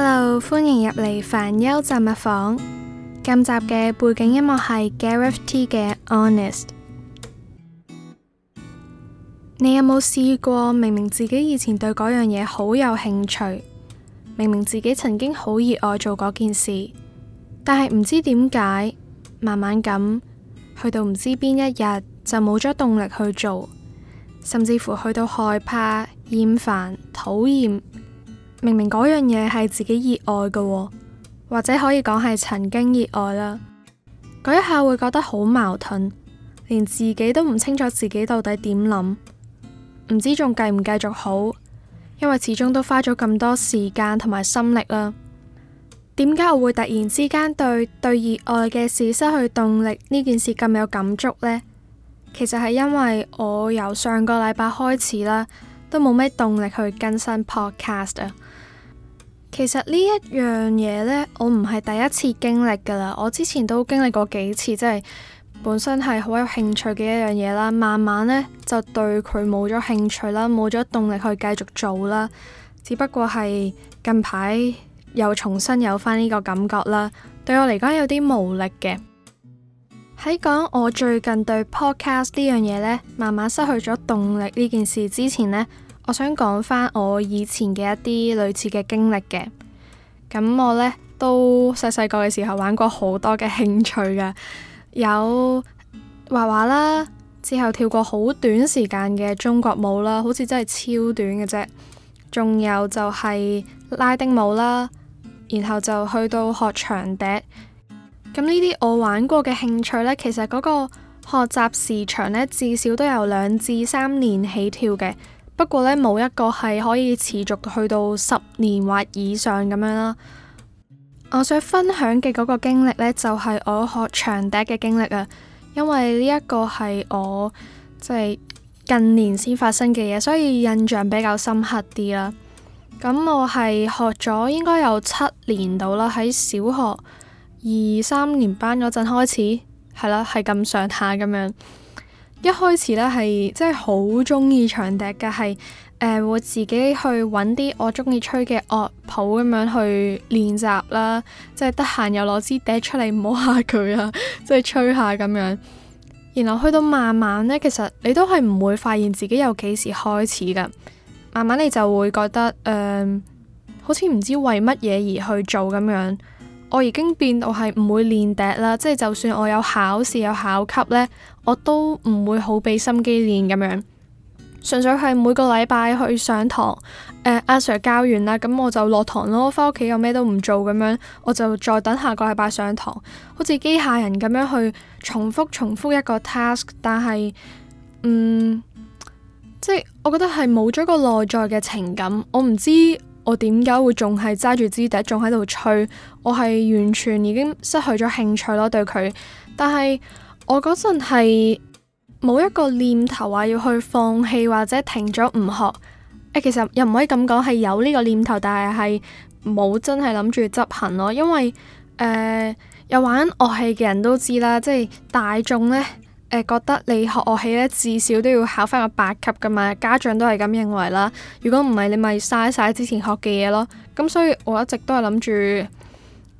hello，歡迎入嚟煩憂雜物房。今集嘅背景音樂係 Gareth T 嘅 Honest。你有冇試過明明自己以前對嗰樣嘢好有興趣，明明自己曾經好熱愛做嗰件事，但係唔知點解，慢慢咁去到唔知邊一日就冇咗動力去做，甚至乎去到害怕、厭煩、討厭。明明嗰樣嘢係自己熱愛嘅，哦，或者可以講係曾經熱愛啦，嗰一下會覺得好矛盾，連自己都唔清楚自己到底點諗，唔知仲繼唔繼續好，因為始終都花咗咁多時間同埋心力啦。點解我會突然之間對對熱愛嘅事失去動力呢件事咁有感觸呢？其實係因為我由上個禮拜開始啦，都冇咩動力去更新 Podcast 啊。其實呢一樣嘢呢，我唔係第一次經歷噶啦，我之前都經歷過幾次，即係本身係好有興趣嘅一樣嘢啦，慢慢呢，就對佢冇咗興趣啦，冇咗動力去繼續做啦，只不過係近排又重新有翻呢個感覺啦，對我嚟講有啲無力嘅。喺講我最近對 podcast 呢樣嘢呢，慢慢失去咗動力呢件事之前呢。我想講翻我以前嘅一啲類似嘅經歷嘅。咁我呢，都細細個嘅時候玩過好多嘅興趣㗎，有畫畫啦，之後跳過好短時間嘅中國舞啦，好似真係超短嘅啫。仲有就係拉丁舞啦，然後就去到學長笛。咁呢啲我玩過嘅興趣呢，其實嗰個學習時長呢，至少都有兩至三年起跳嘅。不過呢，冇一個係可以持續去到十年或以上咁樣啦。我想分享嘅嗰個經歷呢，就係我學長笛嘅經歷啊。因為呢一個係我即係近年先發生嘅嘢，所以印象比較深刻啲啦。咁我係學咗應該有七年到啦，喺小學二三年班嗰陣開始，係啦，係咁上下咁樣。一開始咧係真係好中意長笛嘅，係誒、呃、會自己去揾啲我中意吹嘅樂譜咁樣去練習啦。即係得閒又攞支笛出嚟，唔好嚇佢啊，即係吹下咁樣。然後去到慢慢呢，其實你都係唔會發現自己有幾時開始㗎。慢慢你就會覺得誒、呃，好似唔知為乜嘢而去做咁樣。我已經變到係唔會練笛啦，即係就算我有考試有考級呢，我都唔會好俾心機練咁樣，純粹係每個禮拜去上堂，誒阿 Sir 教完啦，咁我就落堂咯，翻屋企，又咩都唔做咁樣，我就再等下個禮拜上堂，好似機械人咁樣去重複重複一個 task，但係，嗯，即係我覺得係冇咗個內在嘅情感，我唔知。我點解會仲係揸住支笛，仲喺度吹？我係完全已經失去咗興趣咯，對佢。但係我嗰陣係冇一個念頭話、啊、要去放棄或者停咗唔學。誒、欸，其實又唔可以咁講，係有呢個念頭，但係係冇真係諗住執行咯。因為誒、呃，有玩樂器嘅人都知啦，即係大眾呢。誒、呃，覺得你學樂器呢，至少都要考翻個八級噶嘛？家長都係咁認為啦。如果唔係，你咪嘥晒之前學嘅嘢咯。咁所以我一直都係諗住，誒、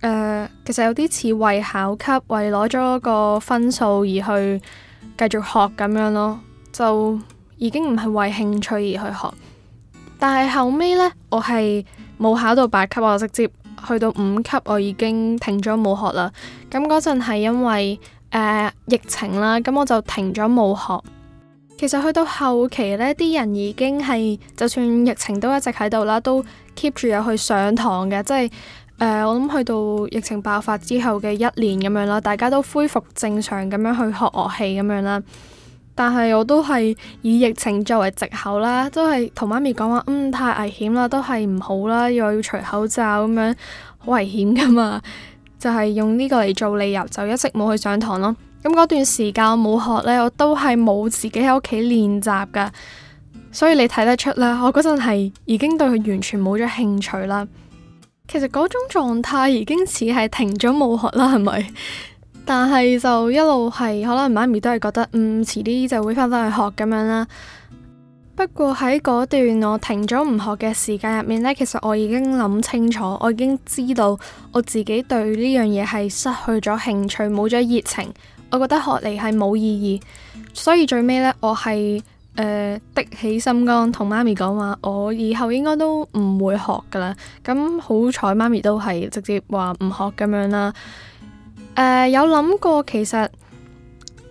呃，其實有啲似為考級，為攞咗個分數而去繼續學咁樣咯。就已經唔係為興趣而去學。但係後尾呢，我係冇考到八級，我直接去到五級，我已經停咗冇學啦。咁嗰陣係因為。誒，uh, 疫情啦，咁我就停咗冇學。其實去到後期呢，啲人已經係就算疫情都一直喺度啦，都 keep 住有去上堂嘅。即係、呃、我諗去到疫情爆發之後嘅一年咁樣啦，大家都恢復正常咁樣去學樂器咁樣啦。但係我都係以疫情作為藉口啦，都係同媽咪講話，嗯，太危險啦，都係唔好啦，又要除口罩咁樣，好危險噶嘛。就係用呢個嚟做理由，就一直冇去上堂咯。咁嗰段時間冇學呢，我都係冇自己喺屋企練習噶。所以你睇得出咧，我嗰陣係已經對佢完全冇咗興趣啦。其實嗰種狀態已經似係停咗冇學啦，係咪？ 但係就一路係可能媽咪都係覺得，嗯，遲啲就會翻返去學咁樣啦。不過喺嗰段我停咗唔學嘅時間入面呢，其實我已經諗清楚，我已經知道我自己對呢樣嘢係失去咗興趣，冇咗熱情，我覺得學嚟係冇意義。所以最尾呢，我係呃、的起心肝，同媽咪講話，我以後應該都唔會學噶啦。咁、嗯、好彩，媽咪都係直接話唔學咁樣啦。呃、有諗過其實。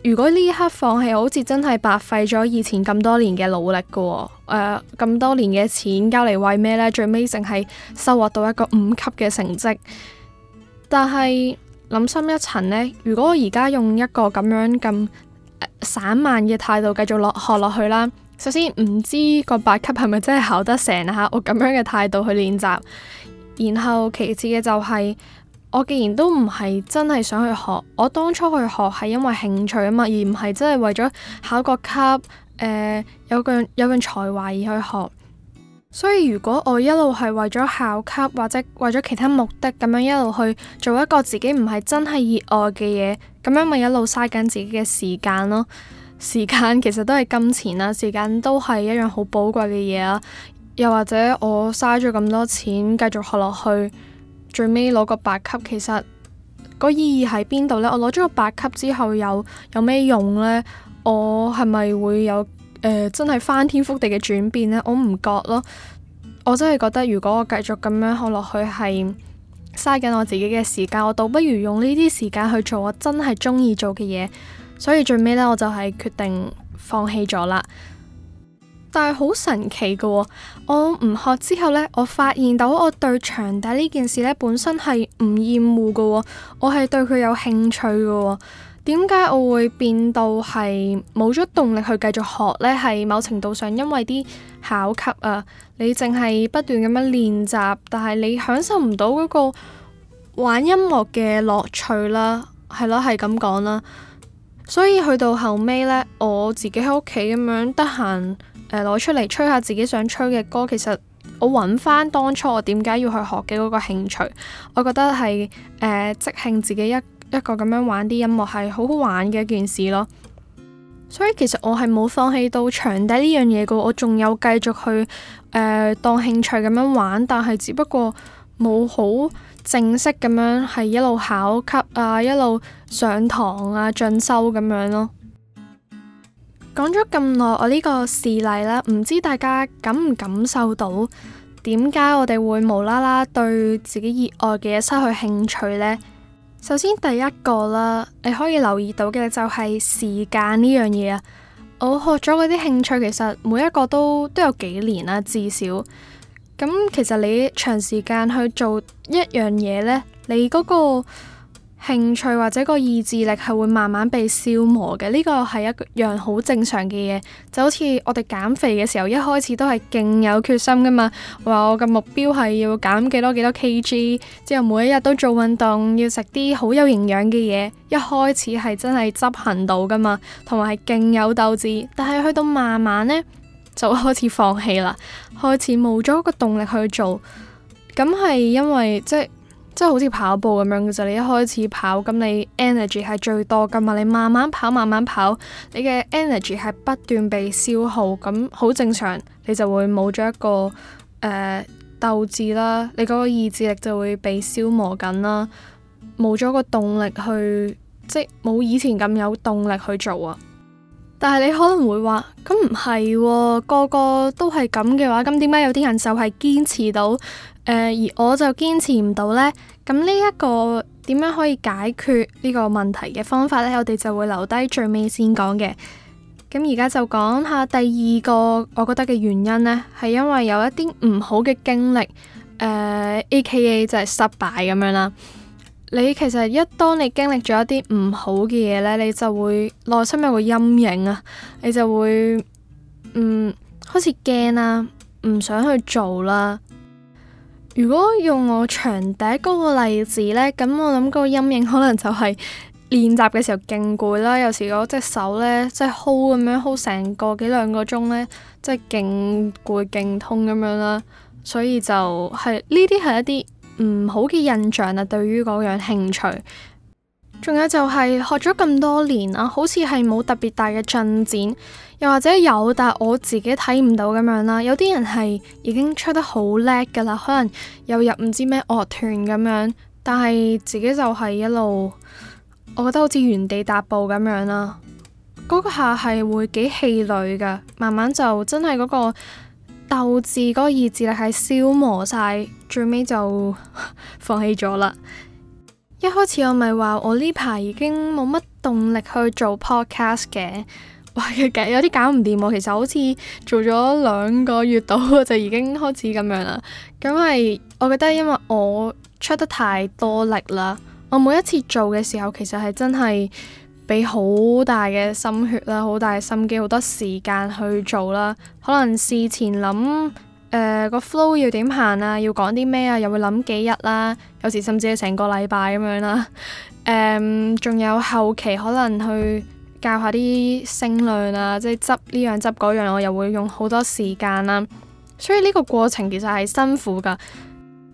如果呢一刻放棄，好似真係白費咗以前咁多年嘅努力嘅喎、哦，呃、咁多年嘅錢交嚟為咩呢？最尾淨係收穫到一個五級嘅成績。但係諗深一層呢，如果我而家用一個咁樣咁、呃、散漫嘅態度繼續落學落去啦，首先唔知個八級係咪真係考得成，下我咁樣嘅態度去練習，然後其次嘅就係、是。我既然都唔係真係想去學，我當初去學係因為興趣啊嘛，而唔係真係為咗考個級。誒、呃，有個有個才華而去學，所以如果我一路係為咗考級或者為咗其他目的咁樣一路去做一個自己唔係真係熱愛嘅嘢，咁樣咪一路嘥緊自己嘅時間咯。時間其實都係金錢啦，時間都係一樣好寶貴嘅嘢啦。又或者我嘥咗咁多錢繼續學落去。最尾攞個八級，其實個意義喺邊度呢？我攞咗個八級之後有有咩用呢？我係咪會有誒、呃、真係翻天覆地嘅轉變呢？我唔覺咯。我真係覺得，如果我繼續咁樣學落去，係嘥緊我自己嘅時間。我倒不如用呢啲時間去做我真係中意做嘅嘢。所以最尾呢，我就係決定放棄咗啦。但係好神奇噶、哦，我唔學之後呢，我發現到我對長笛呢件事呢本身係唔厭惡噶，我係對佢有興趣噶、哦。點解我會變到係冇咗動力去繼續學呢？係某程度上因為啲考級啊，你淨係不斷咁樣練習，但係你享受唔到嗰個玩音樂嘅樂趣啦，係咯，係咁講啦。所以去到後尾呢，我自己喺屋企咁樣得閒。誒攞、呃、出嚟吹下自己想吹嘅歌，其實我揾翻當初我點解要去學嘅嗰個興趣，我覺得係誒、呃、即興自己一一個咁樣玩啲音樂係好好玩嘅一件事咯。所以其實我係冇放棄到長笛呢樣嘢噶，我仲有繼續去誒、呃、當興趣咁樣玩，但係只不過冇好正式咁樣係一路考級啊，一路上堂啊，進修咁樣咯。講咗咁耐，我呢個事例啦，唔知大家感唔感受到點解我哋會無啦啦對自己熱愛嘅嘢失去興趣呢？首先第一個啦，你可以留意到嘅就係時間呢樣嘢啊！我學咗嗰啲興趣，其實每一個都都有幾年啦，至少。咁其實你長時間去做一樣嘢呢，你嗰個。興趣或者個意志力係會慢慢被消磨嘅，呢個係一樣好正常嘅嘢。就好似我哋減肥嘅時候，一開始都係勁有決心噶嘛，話我嘅目標係要減幾多幾多 kg，之後每一日都做運動，要食啲好有營養嘅嘢，一開始係真係執行到噶嘛，同埋係勁有鬥志。但係去到慢慢呢，就會開始放棄啦，開始冇咗個動力去做，咁係因為即係。即係好似跑步咁樣嘅就，你一開始跑，咁你 energy 係最多噶嘛？你慢慢跑，慢慢跑，你嘅 energy 係不斷被消耗，咁好正常，你就會冇咗一個誒、呃、鬥志啦，你嗰個意志力就會被消磨緊啦，冇咗個動力去，即冇以前咁有動力去做啊。但係你可能會話，咁唔係喎，個個都係咁嘅話，咁點解有啲人就係堅持到？誒，而我就堅持唔到呢，咁呢一個點樣可以解決呢個問題嘅方法呢？我哋就會留低最尾先講嘅。咁而家就講下第二個我覺得嘅原因呢，係因為有一啲唔好嘅經歷，AKA 就係失敗咁樣啦。你其實一當你經歷咗一啲唔好嘅嘢呢，你就會內心有個陰影啊，你就會，嗯，開始驚啊，唔想去做啦。如果用我長笛嗰個例子呢，咁我諗嗰個陰影可能就係練習嘅時候勁攰啦，有時我隻手呢，即係 hold 咁樣 hold 成個幾兩個鐘呢，即係勁攰勁痛咁樣啦，所以就係呢啲係一啲唔好嘅印象呀，對於嗰樣興趣。仲有就係學咗咁多年啦，好似係冇特別大嘅進展。又或者有，但我自己睇唔到咁樣啦。有啲人係已經出得好叻噶啦，可能又入唔知咩樂團咁樣，但係自己就係一路，我覺得好似原地踏步咁樣啦。嗰個下係會幾氣餒噶，慢慢就真係嗰個鬥志、嗰個意志力係消磨晒，最尾就 放棄咗啦。一開始我咪話我呢排已經冇乜動力去做 podcast 嘅。有啲搞唔掂我，其實好似做咗兩個月到就已經開始咁樣啦。咁係我覺得因為我出得太多力啦，我每一次做嘅時候其實係真係俾好大嘅心血啦，好大嘅心機，好多時間去做啦。可能事前諗誒個 flow 要點行啊，要講啲咩啊，又會諗幾日啦。有時甚至係成個禮拜咁樣啦。誒、嗯，仲有後期可能去。教下啲聲量啊，即係執呢樣執嗰樣，我又會用好多時間啦、啊，所以呢個過程其實係辛苦噶。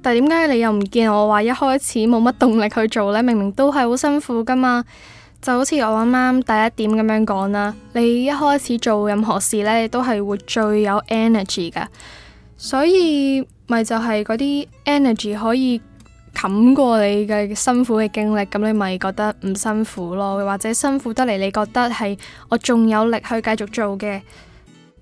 但係點解你又唔見我話一開始冇乜動力去做呢？明明都係好辛苦噶嘛，就好似我啱啱第一點咁樣講啦。你一開始做任何事呢，都係會最有 energy 噶，所以咪就係嗰啲 energy 可以。冚過你嘅辛苦嘅經歷，咁你咪覺得唔辛苦咯？或者辛苦得嚟，你覺得係我仲有力去繼續做嘅。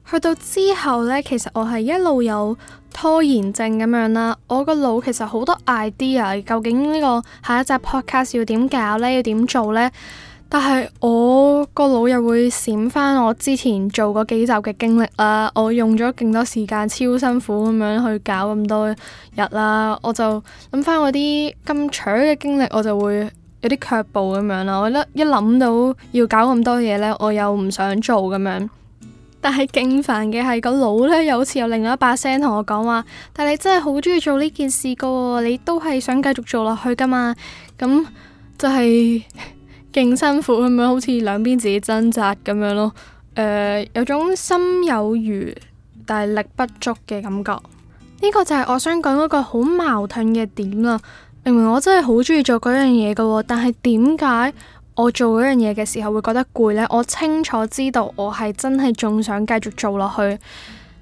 去到之後呢，其實我係一路有拖延症咁樣啦。我個腦其實好多 idea，究竟呢個下一集 podcast 要點搞呢？要點做呢？但係我個腦又會閃翻我之前做過幾集嘅經歷啦，我用咗勁多時間，超辛苦咁樣去搞咁多日啦，我就諗翻我啲咁蠢嘅經歷，我就會有啲卻步咁樣啦。我覺得一諗到要搞咁多嘢呢，我又唔想做咁樣。但係勁煩嘅係個腦呢又好似有另外一把聲同我講話，但係你真係好中意做呢件事噶喎，你都係想繼續做落去噶嘛？咁就係、是。勁辛苦，咁樣好似兩邊自己掙扎咁樣咯。誒、呃，有種心有餘但係力不足嘅感覺。呢、這個就係我想講嗰個好矛盾嘅點啦。明明我真係好中意做嗰樣嘢嘅喎，但係點解我做嗰樣嘢嘅時候會覺得攰呢？我清楚知道我係真係仲想繼續做落去，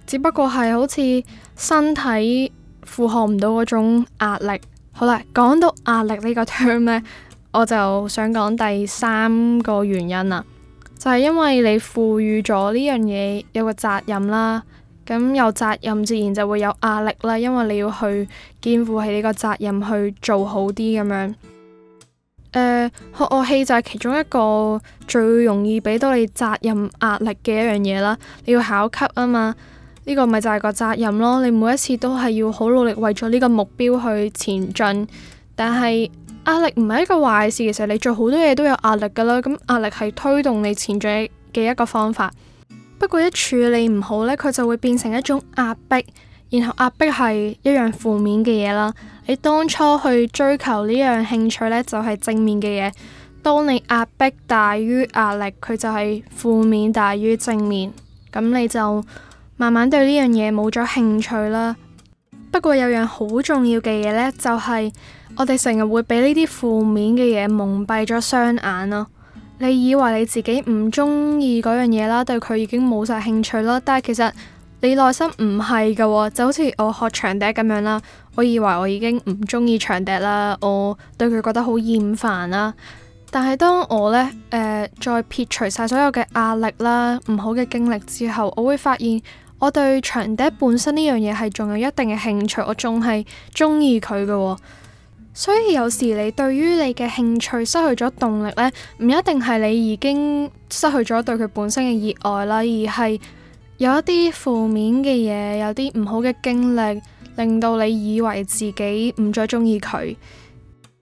只不過係好似身體負荷唔到嗰種壓力。好啦，講到壓力呢個 term 呢。我就想講第三個原因啦，就係因為你賦予咗呢樣嘢有個責任啦，咁有責任自然就會有壓力啦，因為你要去肩負起呢個責任去做好啲咁樣。誒，學樂器就係其中一個最容易俾到你責任壓力嘅一樣嘢啦，你要考級啊嘛，呢個咪就係個責任咯，你每一次都係要好努力為咗呢個目標去前進，但係。壓力唔係一個壞事，其實你做好多嘢都有壓力噶啦。咁壓力係推動你前進嘅一個方法，不過一處理唔好呢，佢就會變成一種壓迫，然後壓迫係一樣負面嘅嘢啦。你當初去追求呢樣興趣呢，就係正面嘅嘢。當你壓迫大於壓力，佢就係負面大於正面。咁你就慢慢對呢樣嘢冇咗興趣啦。不過有樣好重要嘅嘢呢，就係、是。我哋成日會俾呢啲負面嘅嘢蒙蔽咗雙眼咯。你以為你自己唔中意嗰樣嘢啦，對佢已經冇晒興趣啦，但係其實你內心唔係噶，就好似我學長笛咁樣啦。我以為我已經唔中意長笛啦，我對佢覺得好厭煩啦。但係當我呢，誒、呃，再撇除晒所有嘅壓力啦、唔好嘅經歷之後，我會發現我對長笛本身呢樣嘢係仲有一定嘅興趣，我仲係中意佢嘅。所以有時你對於你嘅興趣失去咗動力呢，唔一定係你已經失去咗對佢本身嘅熱愛啦，而係有一啲負面嘅嘢，有啲唔好嘅經歷，令到你以為自己唔再中意佢。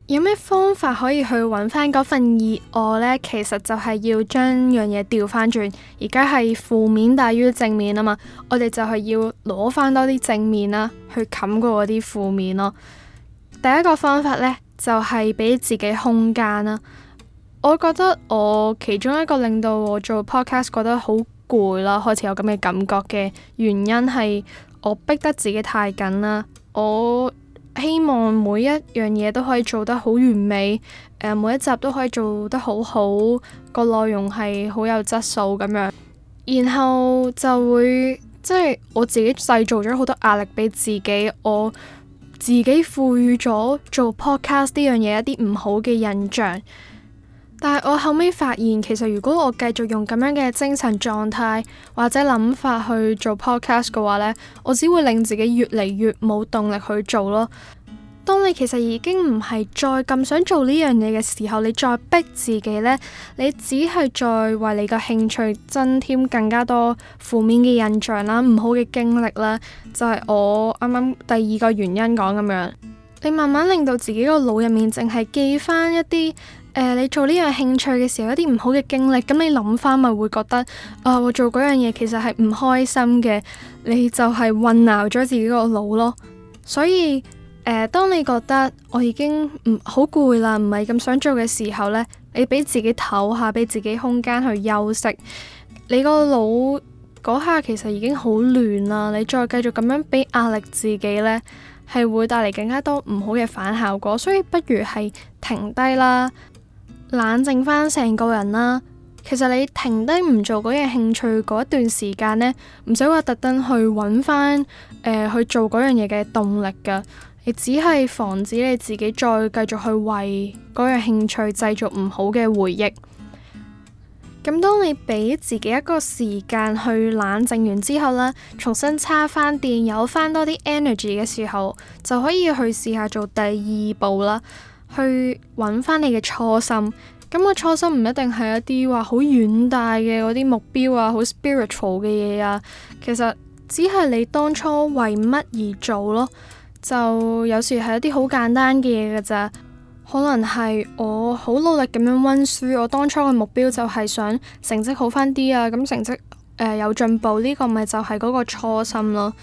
有咩方法可以去揾翻嗰份熱愛呢？其實就係要將樣嘢調翻轉，而家係負面大於正面啊嘛。我哋就係要攞翻多啲正面啦，去冚過嗰啲負面咯。第一個方法呢，就係俾自己空間啦。我覺得我其中一個令到我做 podcast 覺得好攰啦，開始有咁嘅感覺嘅原因係我逼得自己太緊啦。我希望每一樣嘢都可以做得好完美，呃，每一集都可以做得好好，個內容係好有質素咁樣。然後就會即係我自己製造咗好多壓力俾自己，我。自己賦予咗做 podcast 呢樣嘢，一啲唔好嘅印象，但係我後尾發現，其實如果我繼續用咁樣嘅精神狀態或者諗法去做 podcast 嘅話，呢我只會令自己越嚟越冇動力去做咯。當你其實已經唔係再咁想做呢樣嘢嘅時候，你再逼自己呢，你只係再為你個興趣增添更加多負面嘅印象啦，唔好嘅經歷啦，就係我啱啱第二個原因講咁樣，你慢慢令到自己個腦入面淨係記翻一啲誒、呃，你做呢樣興趣嘅時候一啲唔好嘅經歷，咁你諗翻咪會覺得啊，我做嗰樣嘢其實係唔開心嘅，你就係混淆咗自己個腦咯，所以。誒，當你覺得我已經唔好攰啦，唔係咁想做嘅時候咧，你俾自己唞下，俾自己空間去休息。你個腦嗰下其實已經好亂啦，你再繼續咁樣俾壓力自己呢，係會帶嚟更加多唔好嘅反效果。所以不如係停低啦，冷靜翻成個人啦。其實你停低唔做嗰樣興趣嗰一段時間呢，唔使話特登去揾翻、呃、去做嗰樣嘢嘅動力噶。你只係防止你自己再繼續去為嗰樣興趣製造唔好嘅回憶。咁當你俾自己一個時間去冷靜完之後咧，重新插翻電，有翻多啲 energy 嘅時候，就可以去試下做第二步啦。去揾翻你嘅初心。咁個初心唔一定係一啲話好遠大嘅嗰啲目標啊，好 spiritual 嘅嘢啊。其實只係你當初為乜而做咯。就有時係一啲好簡單嘅嘢噶咋，可能係我好努力咁樣溫書，我當初嘅目標就係想成績好翻啲啊，咁成績誒、呃、有進步，呢個咪就係嗰個初心咯。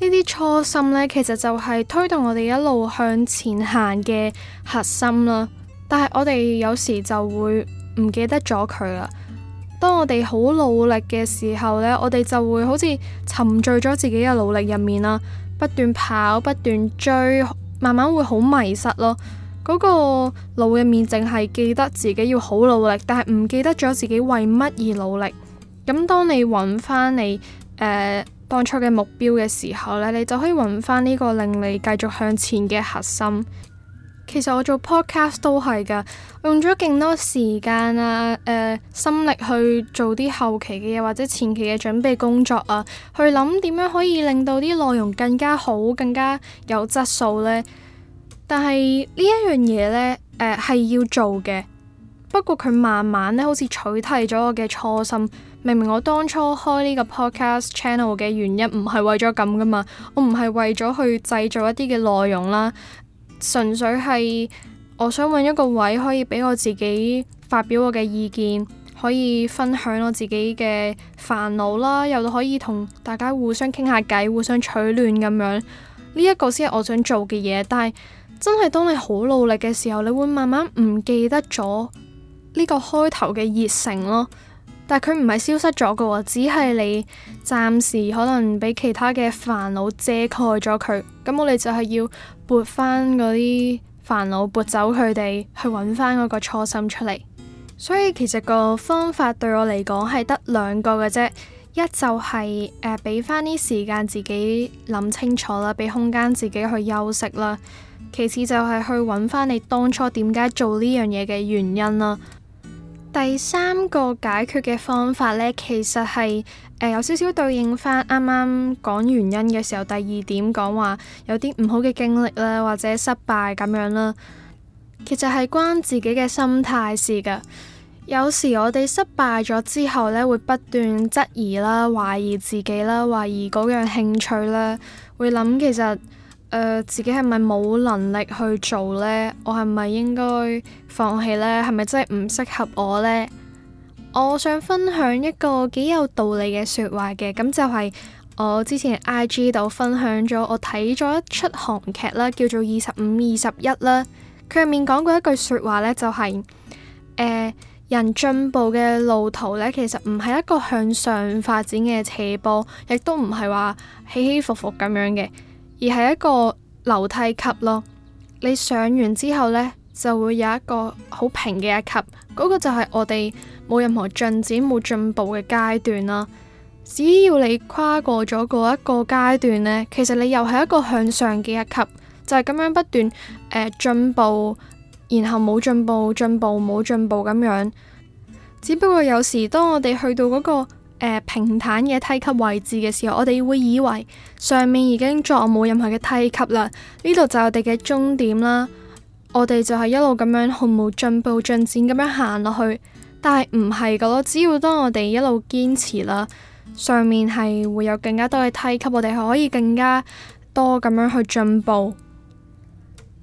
呢啲初心呢，其實就係推動我哋一路向前行嘅核心啦。但係我哋有時就會唔記得咗佢啦。當我哋好努力嘅時候呢，我哋就會好似沉醉咗自己嘅努力入面啦。不斷跑不斷追，慢慢會好迷失咯。嗰、那個腦入面淨係記得自己要好努力，但係唔記得咗自己為乜而努力。咁當你揾翻你誒、呃、當初嘅目標嘅時候呢，你就可以揾翻呢個令你繼續向前嘅核心。其實我做 podcast 都係噶，用咗勁多時間啊，誒、呃、心力去做啲後期嘅嘢，或者前期嘅準備工作啊，去諗點樣可以令到啲內容更加好、更加有質素呢。但係呢一樣嘢呢誒係要做嘅。不過佢慢慢咧，好似取締咗我嘅初心。明明我當初開呢個 podcast channel 嘅原因唔係為咗咁噶嘛，我唔係為咗去製造一啲嘅內容啦。純粹係我想揾一個位可以俾我自己發表我嘅意見，可以分享我自己嘅煩惱啦，又可以同大家互相傾下偈，互相取暖咁樣。呢一個先係我想做嘅嘢，但係真係當你好努力嘅時候，你會慢慢唔記得咗呢個開頭嘅熱誠咯。但係佢唔係消失咗嘅喎，只係你暫時可能俾其他嘅煩惱遮蓋咗佢。咁我哋就係要。撥翻嗰啲煩惱，撥走佢哋，去揾翻嗰個初心出嚟。所以其實個方法對我嚟講係得兩個嘅啫，一就係誒，俾翻啲時間自己諗清楚啦，俾空間自己去休息啦。其次就係去揾翻你當初點解做呢樣嘢嘅原因啦。第三個解決嘅方法呢，其實係誒、呃、有少少對應返啱啱講原因嘅時候，第二點講話有啲唔好嘅經歷呢，或者失敗咁樣啦，其實係關自己嘅心態事㗎。有時我哋失敗咗之後呢，會不斷質疑啦、懷疑自己啦、懷疑嗰樣興趣啦，會諗其實。誒、呃、自己係咪冇能力去做呢？我係咪應該放棄呢？係咪真係唔適合我呢？我想分享一個幾有道理嘅説話嘅，咁就係我之前 IG 度分享咗，我睇咗一出韓劇啦，叫做《二十五二十一》啦。佢入面講過一句説話呢，就係、是、誒、呃、人進步嘅路途呢，其實唔係一個向上發展嘅斜坡，亦都唔係話起起伏伏咁樣嘅。而係一個樓梯級咯，你上完之後呢，就會有一個好平嘅一級，嗰個就係我哋冇任何進展、冇進步嘅階段啦。只要你跨過咗嗰一個階段呢，其實你又係一個向上嘅一級，就係咁樣不斷誒進步，然後冇進步、進步冇進步咁樣。只不過有時當我哋去到嗰個，誒平坦嘅梯級位置嘅時候，我哋會以為上面已經作冇任何嘅梯級啦，呢度就係我哋嘅終點啦。我哋就係一路咁樣毫無進步、進展咁樣行落去，但係唔係噶咯。只要當我哋一路堅持啦，上面係會有更加多嘅梯級，我哋可以更加多咁樣去進步。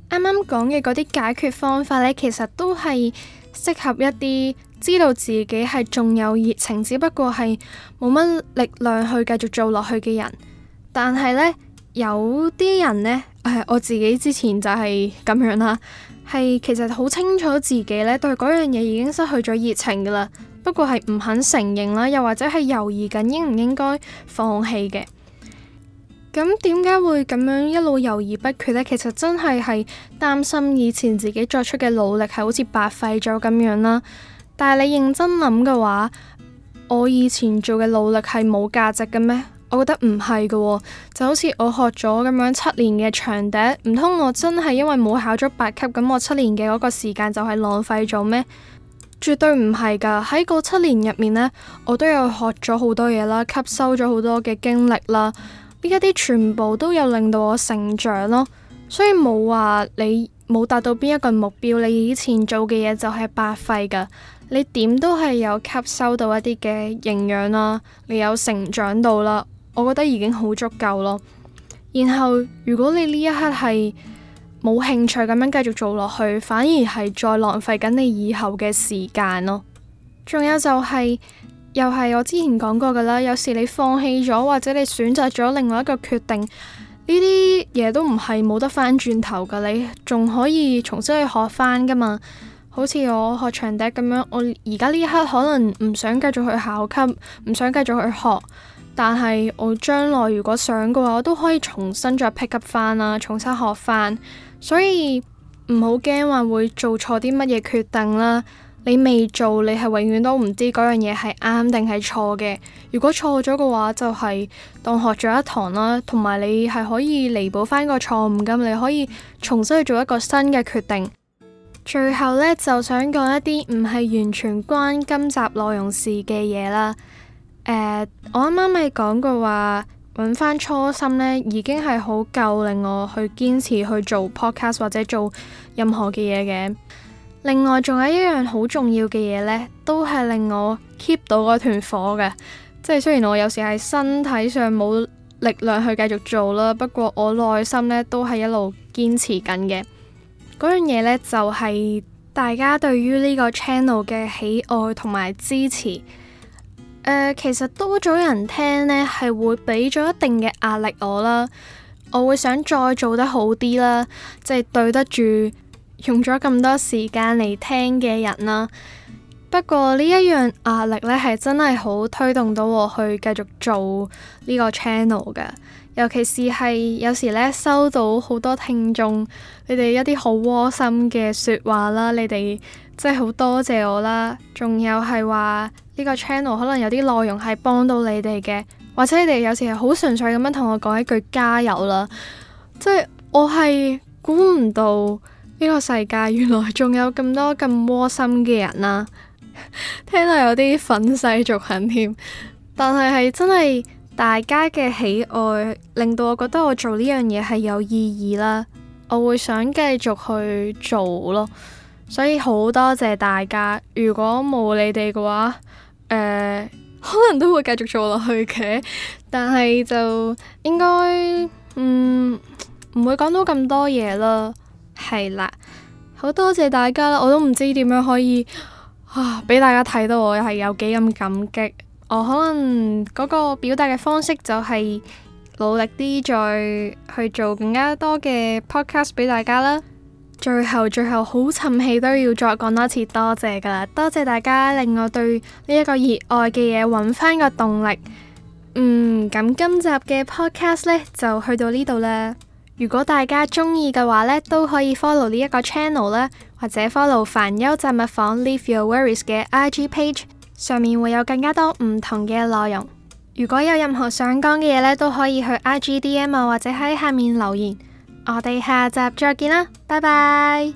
啱啱講嘅嗰啲解決方法呢，其實都係適合一啲。知道自己係仲有熱情，只不過係冇乜力量去繼續做落去嘅人。但係呢，有啲人呢，誒、呃，我自己之前就係咁樣啦，係其實好清楚自己呢對嗰樣嘢已經失去咗熱情㗎啦。不過係唔肯承認啦，又或者係猶豫緊應唔應該放棄嘅。咁點解會咁樣一路猶豫不決呢？其實真係係擔心以前自己作出嘅努力係好似白費咗咁樣啦。但係你認真諗嘅話，我以前做嘅努力係冇價值嘅咩？我覺得唔係噶喎，就好似我學咗咁樣七年嘅長笛，唔通我真係因為冇考足八級咁，我七年嘅嗰個時間就係浪費咗咩？絕對唔係噶。喺嗰七年入面呢，我都有學咗好多嘢啦，吸收咗好多嘅經歷啦，呢一啲全部都有令到我成長咯。所以冇話你冇達到邊一個目標，你以前做嘅嘢就係白費噶。你點都係有吸收到一啲嘅營養啦，你有成長到啦，我覺得已經好足夠咯。然後如果你呢一刻係冇興趣咁樣繼續做落去，反而係再浪費緊你以後嘅時間咯。仲有就係，又係我之前講過噶啦，有時你放棄咗或者你選擇咗另外一個決定，呢啲嘢都唔係冇得翻轉頭噶，你仲可以重新去學翻噶嘛。好似我學長笛咁樣，我而家呢一刻可能唔想繼續去考級，唔想繼續去學，但係我將來如果想嘅話，我都可以重新再 pick up 翻啦，重新學翻。所以唔好驚話會做錯啲乜嘢決定啦。你未做，你係永遠都唔知嗰樣嘢係啱定係錯嘅。如果錯咗嘅話，就係、是、當學咗一堂啦，同埋你係可以彌補翻個錯誤噉，你可以重新去做一個新嘅決定。最後呢，就想講一啲唔係完全關今集內容事嘅嘢啦。誒，uh，我啱啱咪講過話，搵翻初心呢已經係好夠令我去堅持去做 podcast 或者做任何嘅嘢嘅。另外，仲有一樣好重要嘅嘢呢，都係令我 keep 到嗰團火嘅。即係雖然我有時係身體上冇力量去繼續做啦，不過我內心呢都係一路堅持緊嘅。嗰樣嘢呢，就係大家對於呢個 channel 嘅喜愛同埋支持。呃，其實多咗人聽呢，係會俾咗一定嘅壓力我啦。我會想再做得好啲啦，即係對得住用咗咁多時間嚟聽嘅人啦。不過呢一樣壓力呢，係真係好推動到我去繼續做呢個 channel 嘅。尤其是係有時咧，收到好多聽眾，你哋一啲好窩心嘅說話啦，你哋即係好多謝我啦。仲有係話呢個 channel 可能有啲內容係幫到你哋嘅，或者你哋有時係好純粹咁樣同我講一句加油啦。即係我係估唔到呢個世界原來仲有咁多咁窩心嘅人啦，啊， 聽到有啲粉細俗痕添，但係係真係。大家嘅喜愛令到我覺得我做呢樣嘢係有意義啦，我會想繼續去做咯。所以好多謝大家，如果冇你哋嘅話，誒、呃，可能都會繼續做落去嘅，但係就應該，嗯，唔會講到咁多嘢啦。係啦，好多謝大家啦，我都唔知點樣可以啊，俾大家睇到我係有幾咁感激。我、哦、可能嗰個表達嘅方式就係努力啲，再去做更加多嘅 podcast 俾大家啦。最後最後，好沉氣都要再講多次多謝噶啦，多謝大家令我對呢一個熱愛嘅嘢揾翻個動力。嗯，咁今集嘅 podcast 呢就去到呢度啦。如果大家中意嘅話呢，都可以 follow 呢一個 channel 啦，或者 follow 煩憂雜物房 Leave Your Worries 嘅 IG page。上面會有更加多唔同嘅內容。如果有任何想講嘅嘢呢，都可以去 IGDM 啊，或者喺下面留言。我哋下集再見啦，拜拜。